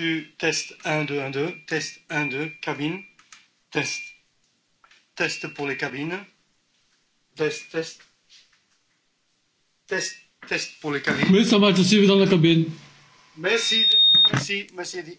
tu test 1, 2, 1, 2, test 1, 2, cabine, test. Test pour les cabines. Test, test. Test, test pour les cabines. Meestal maakt het zeven dan de cabine. Merci, merci, merci.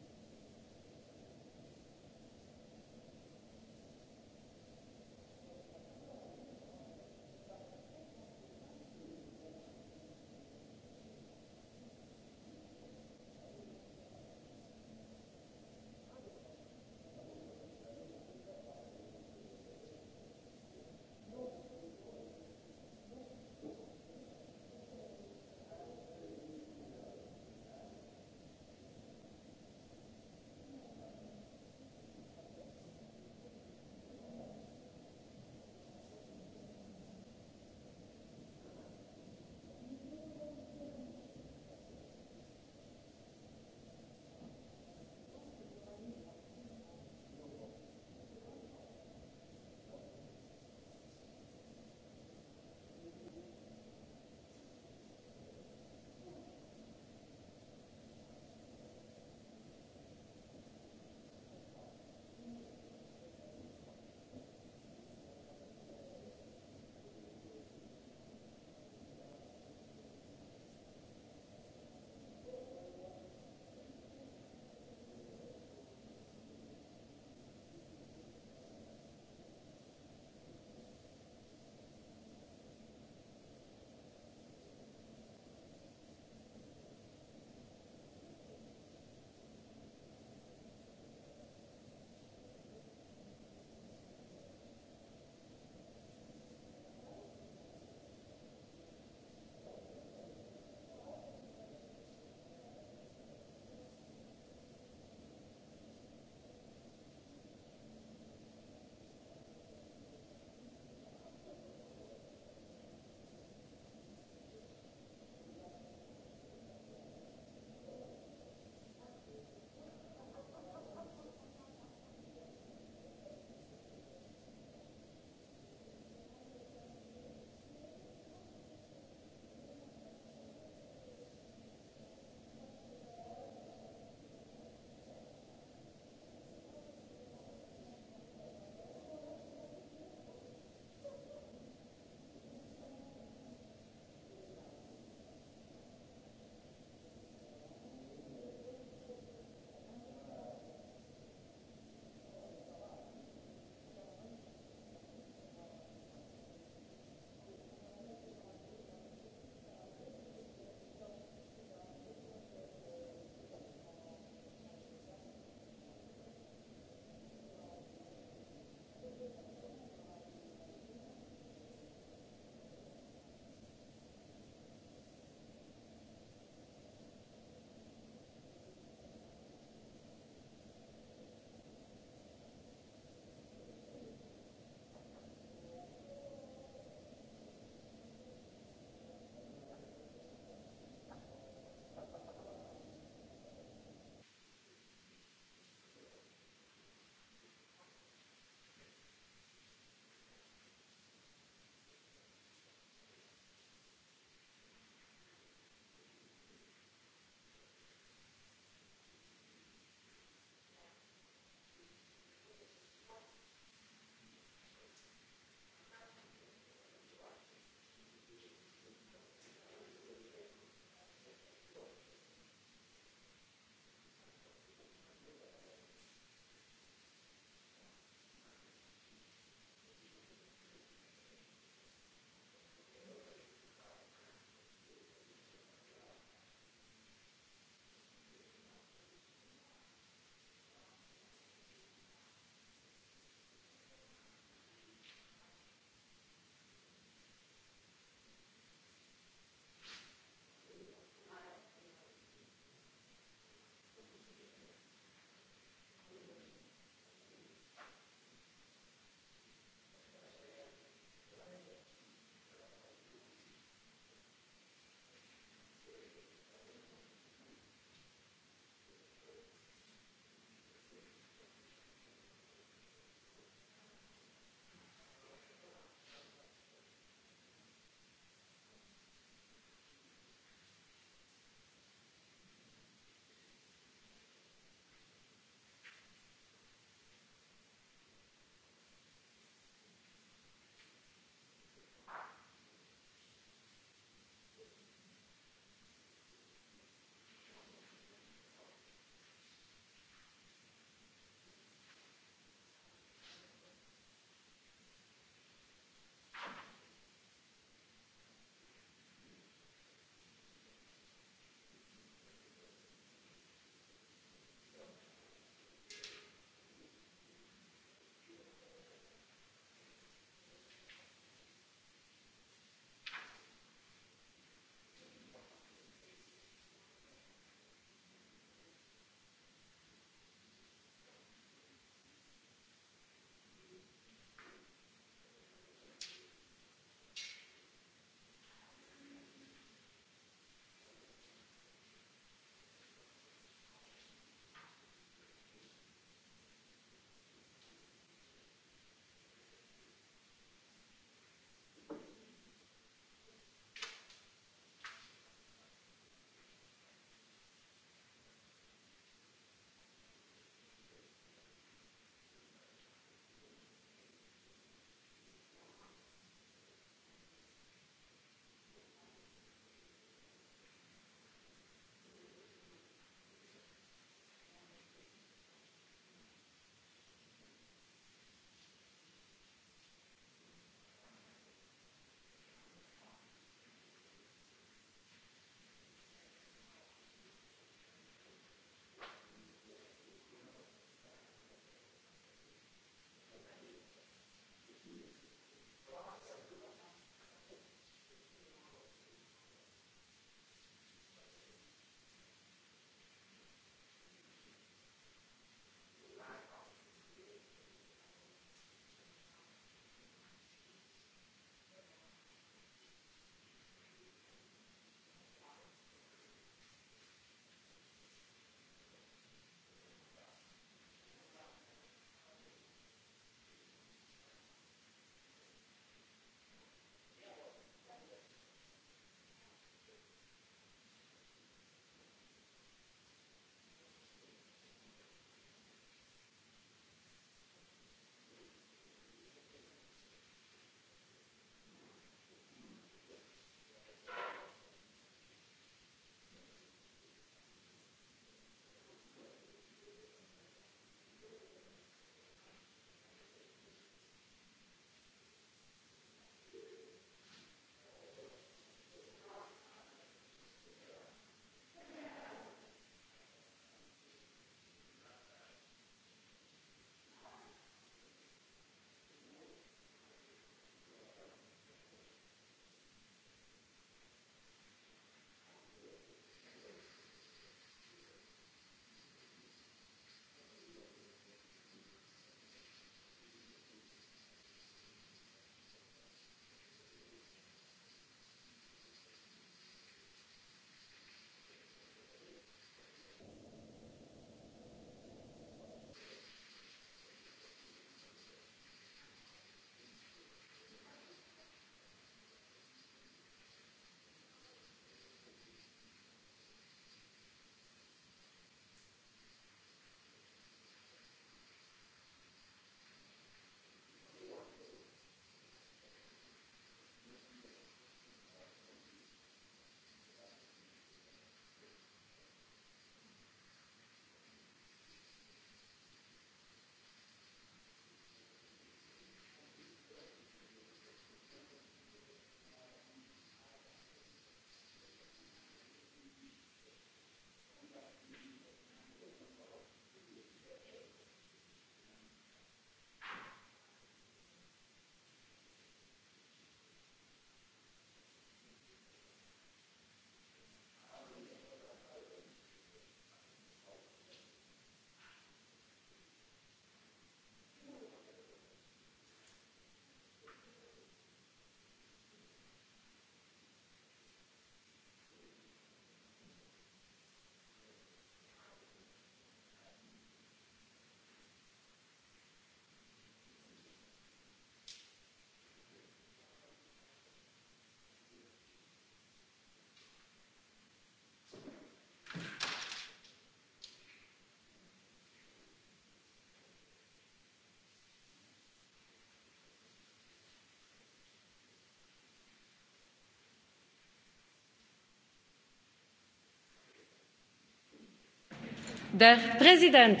der präsident!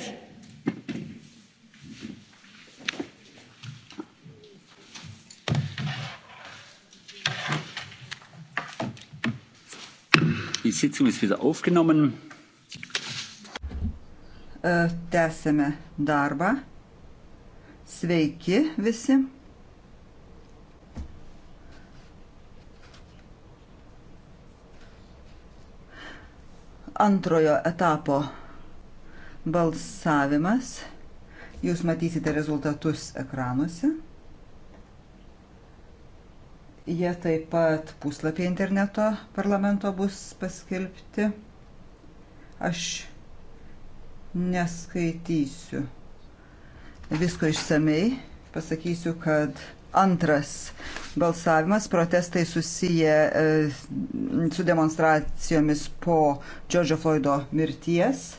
die sitzung ist wieder aufgenommen. Äh, tęsiame darbą. Sveiki visi. Antrojo etapo balsavimas. Jūs matysite rezultatus ekranuose. Jie taip pat puslapį interneto parlamento bus paskelbti. Aš neskaitysiu visko išsamei. Pasakysiu, kad antras balsavimas, protestai susiję e, su demonstracijomis po Džordžo Floido mirties.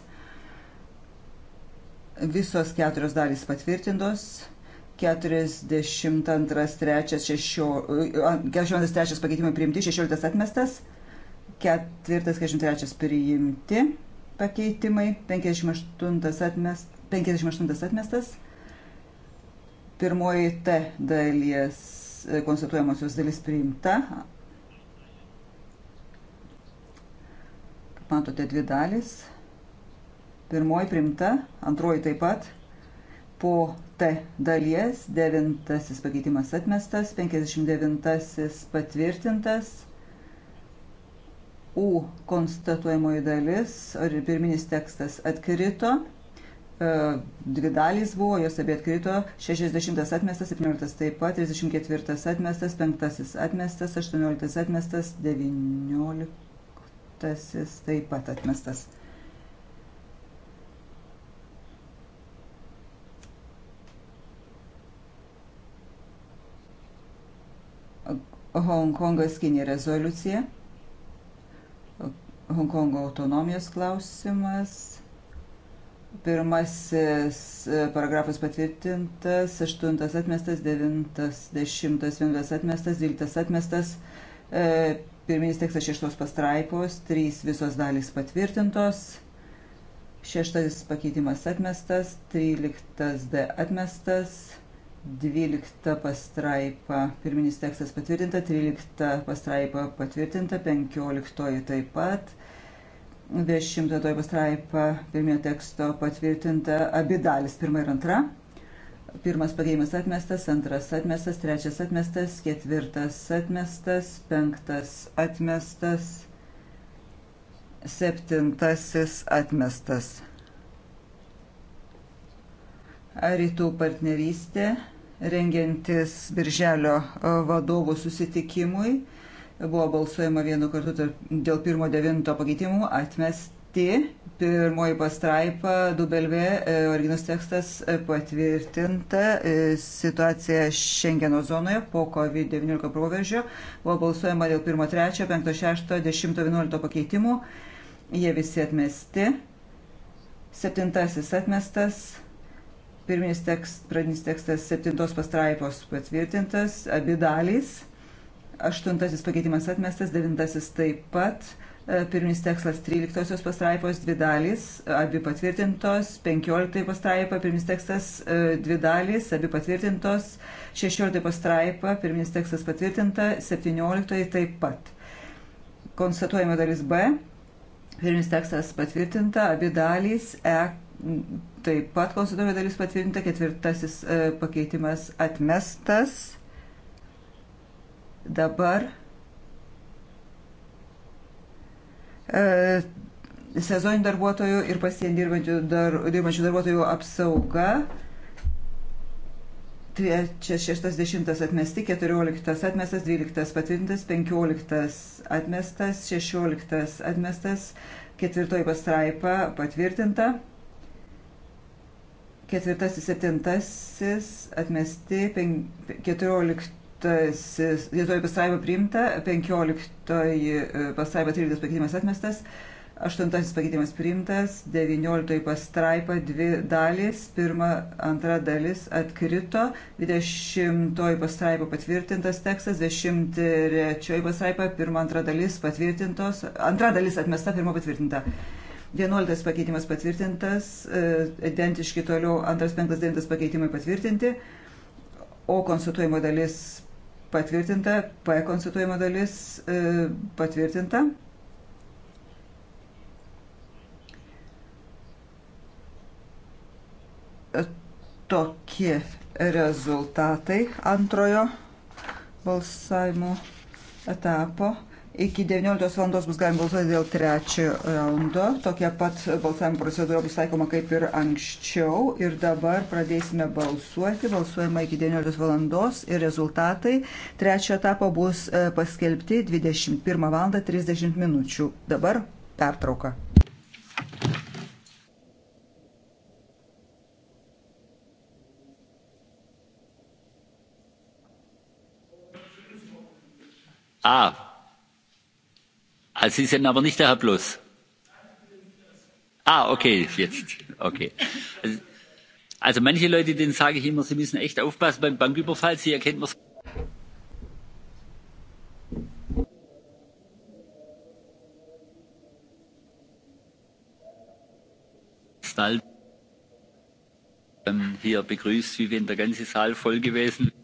Visos keturios dalys patvirtintos. 42.3 pakeitimai priimti, 16 atmestas, 4.43 priimti pakeitimai, 58 atmestas, 58 atmestas, pirmoji T dalies e, konstatuojamosios dalis priimta. Kaip matote, dvi dalis. Pirmoji primta, antroji taip pat. Po T dalies devintasis pakeitimas atmestas, 59 patvirtintas. U konstatuojamoji dalis, ar pirminis tekstas atkrito, e, dvi dalys buvo, jos abie atkrito, 60 atmestas, 17 taip pat, 34 atmestas, 5 atmestas, 18 atmestas, 19 taip pat atmestas. Hongkongas Kinė rezoliucija, Hongkongo autonomijos klausimas, pirmasis e, paragrafas patvirtintas, aštuntas atmestas, devintas, dešimtas, vienas atmestas, dvyliktas atmestas, e, pirminis tekstas šeštos pastraipos, trys visos dalys patvirtintos, šeštas pakeitimas atmestas, tryliktas D atmestas. 12 pastraipa, pirminis tekstas patvirtinta, 13 pastraipa patvirtinta, 15 taip pat, 10 pastraipa pirminio teksto patvirtinta, abi dalis, pirma ir antra. Pirmas pagėjimas atmestas, antras atmestas, trečias atmestas, ketvirtas atmestas, penktas atmestas, septintasis atmestas rytų partnerystę, rengiantis Birželio e, vadovų susitikimui. Buvo balsuojama vienu kartu dėl pirmo devinto pakeitimų atmesti. Pirmoji pastraipa, dubelvė, e, originus tekstas e, patvirtinta situacija Šengeno zonoje po COVID-19 proveržio. Buvo balsuojama dėl 1, 3, 5, 6, 10, 11 pakeitimų jie visi atmesti. Septintasis atmestas, Pirminis tekst, pradinis tekstas septintos pastraipos patvirtintas, abi dalys. Aštuntasis pakeitimas atmestas, devintasis taip pat. E, pirminis tekstas 13 pastraipos dvi dalys, abi patvirtintos, 15 pastraipa, pirminis tekstas e, dvi dalys, abi patvirtintos, 16 pastraipa, pirminis tekstas patvirtinta, 17 taip pat. Konstatuojama dalis B, pirminis tekstas patvirtinta, abi dalys, E Taip pat konstatuojama dalis patvirtinta, ketvirtasis e, pakeitimas atmestas. Dabar e, sezoninių darbuotojų ir pasien dirbančių, dar, dirbančių darbuotojų apsauga. 360 atmesti, 14 atmestas, 12 patvirtintas, 15 atmestas, 16 atmestas, 4 pastraipa patvirtinta ketvirtasis, septintasis atmesti, pen, keturioliktasis, dėtoji pasaiba priimta, penkioliktoji e, pasaiba tryliktas pakeitimas atmestas. Aštuntasis pakeitimas priimtas, devinioliktoji pastraipa dvi dalys, pirma, antra dalis atkrito, dvidešimtoji pastraipa patvirtintas tekstas, dvidešimt trečioji pastraipa, pirma, antra dalis patvirtintos, antra dalis atmesta, pirma patvirtinta. 11 pakeitimas patvirtintas, e, identiški toliau 259 pakeitimai patvirtinti, O konstatuojimo dalis patvirtinta, P konstatuojimo dalis e, patvirtinta. E, tokie rezultatai antrojo balsavimo etapo. Iki 19 valandos bus galima balsuoti dėl trečiojo raundo. Tokia pat balsavimo procedūra bus taikoma kaip ir anksčiau. Ir dabar pradėsime balsuoti. Balsuojama iki 19 valandos ir rezultatai trečiojo etapo bus e, paskelbti 21 val. 30 minučių. Dabar pertrauka. Ah. Sie sind aber nicht der Herr Plus. Ah, okay, jetzt. Okay. Also, also manche Leute, denen sage ich immer, sie müssen echt aufpassen beim Banküberfall. Sie erkennt man Stall ähm, hier begrüßt, wie wenn der ganze Saal voll gewesen wäre.